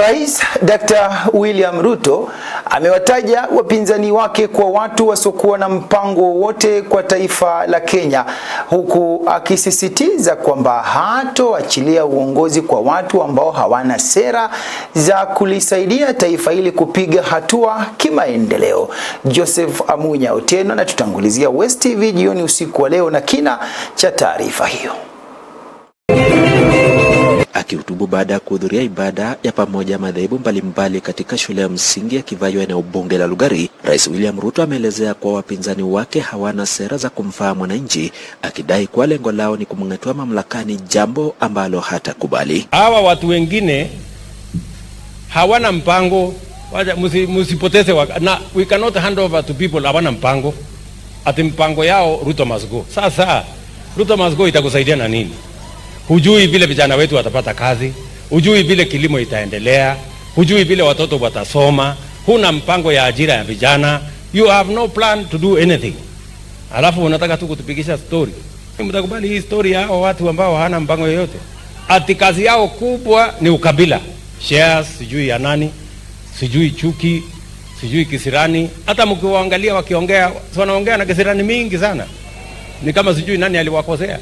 Rais Dr. William Ruto amewataja wapinzani wake kwa watu wasiokuwa na mpango wowote kwa taifa la Kenya, huku akisisitiza kwamba hatoachilia uongozi kwa watu ambao hawana sera za kulisaidia taifa hili kupiga hatua kimaendeleo. Joseph Amunya Otieno anatutangulizia West TV jioni usiku wa leo na kina cha taarifa hiyo. Akihutubu baada ya kuhudhuria ibada ya pamoja madhehebu mbalimbali katika shule ya msingi ya Kivayo eneo bunge la Lugari, Rais William Ruto ameelezea kuwa wapinzani wake hawana sera za kumfaa mwananchi, akidai kuwa lengo lao ni kumng'atua mamlakani, jambo ambalo hatakubali. Hawa watu wengine hawana mpango, msipoteze na we cannot hand over to people. Hawana mpango, ati mpango yao Ruto must go. Sasa Ruto must go itakusaidia na nini? hujui vile vijana wetu watapata kazi, hujui vile kilimo itaendelea, hujui vile watoto watasoma, huna mpango ya ajira ya vijana, you have no plan to do anything, alafu unataka tu kutupigisha story. Mtakubali hii story ya watu ambao hawana mpango yoyote, ati kazi yao kubwa ni ukabila, shares sijui ya nani, sijui chuki, sijui kisirani. Hata mkiwaangalia wakiongea, wanaongea na kisirani mingi sana, ni kama sijui nani aliwakosea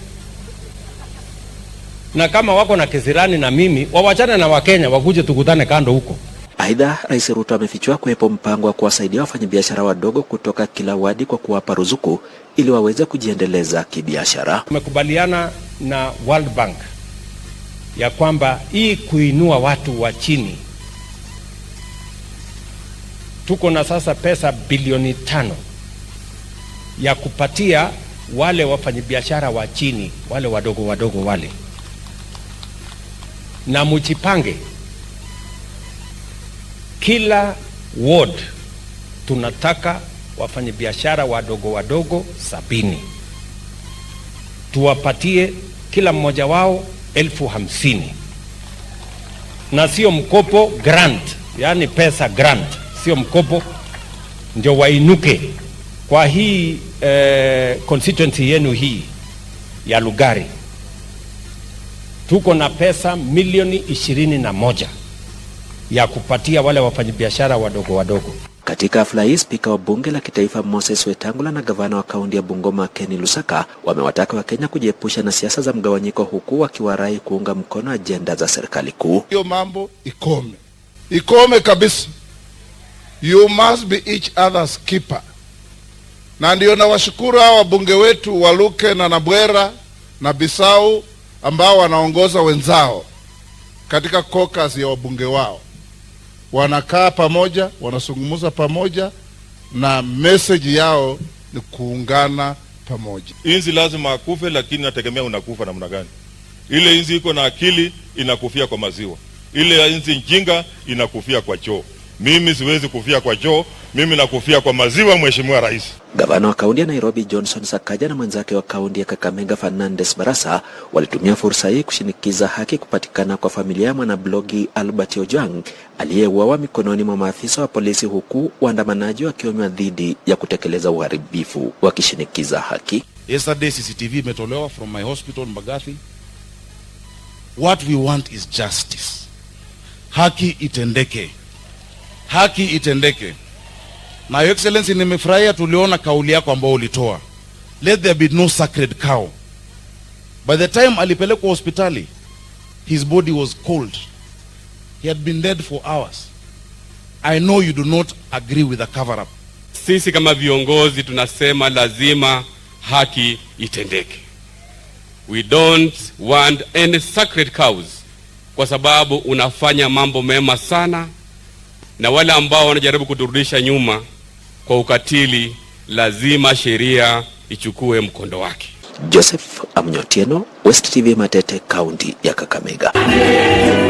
na kama wako na kisirani na mimi wawachane na Wakenya wakuje tukutane kando huko. Aidha, Rais Ruto amefichua kuwepo mpango wa kuwasaidia wafanyabiashara wadogo kutoka kila wadi kwa kuwapa ruzuku ili waweze kujiendeleza kibiashara. Tumekubaliana na World Bank ya kwamba hii kuinua watu wa chini, tuko na sasa pesa bilioni tano ya kupatia wale wafanyabiashara wa chini, wale wadogo wadogo wale na mujipange, kila ward tunataka wafanyabiashara wadogo wadogo sabini, tuwapatie kila mmoja wao elfu hamsini na sio mkopo, grant, yaani pesa grant, sio mkopo, ndio wainuke kwa hii eh, constituency yenu hii ya Lugari tuko na pesa milioni ishirini na moja ya kupatia wale wafanyabiashara wadogo wadogo. Katika hafla hii spika wa bunge la kitaifa Moses Wetangula na gavana wa kaunti ya Bungoma Kenny Lusaka wamewataka Wakenya kujiepusha na siasa za mgawanyiko, huku wakiwarai kuunga mkono ajenda za serikali kuu. Hiyo mambo ikome, ikome kabisa. You must be each other's keeper. Na ndio nawashukuru hawa wabunge wetu Waluke na Nabwera na Bisau ambao wanaongoza wenzao katika kokas ya wabunge wao, wanakaa pamoja, wanazungumza pamoja, na meseji yao ni kuungana pamoja. Inzi lazima akufe, lakini nategemea unakufa namna gani. Ile inzi iko na akili inakufia kwa maziwa, ile inzi njinga inakufia kwa choo. Mimi siwezi kufia kwa choo, mimi nakufia kwa maziwa, Mheshimiwa Rais. Gavana wa kaunti ya Nairobi Johnson Sakaja na mwenzake wa kaunti ya Kakamega Fernandes Barasa walitumia fursa hii kushinikiza haki kupatikana kwa familia ya mwanablogi Albert Ojwang aliyeuawa mikononi mwa maafisa wa polisi, huku waandamanaji wakionywa dhidi ya kutekeleza uharibifu wakishinikiza haki. Yesterday CCTV imetolewa from my hospital Mbagathi. What we want is justice, haki itendeke haki itendeke. Na Your Excellency, nimefurahia tuliona kauli yako ambayo ulitoa, let there be no sacred cow. By the time alipelekwa hospitali, his body was cold, he had been dead for hours. I know you do not agree with the cover up. Sisi kama viongozi tunasema lazima haki itendeke. We don't want any sacred cows, kwa sababu unafanya mambo mema sana na wale ambao wanajaribu kuturudisha nyuma kwa ukatili, lazima sheria ichukue mkondo wake. Joseph Amnyotieno, West TV Matete, kaunti ya Kakamega.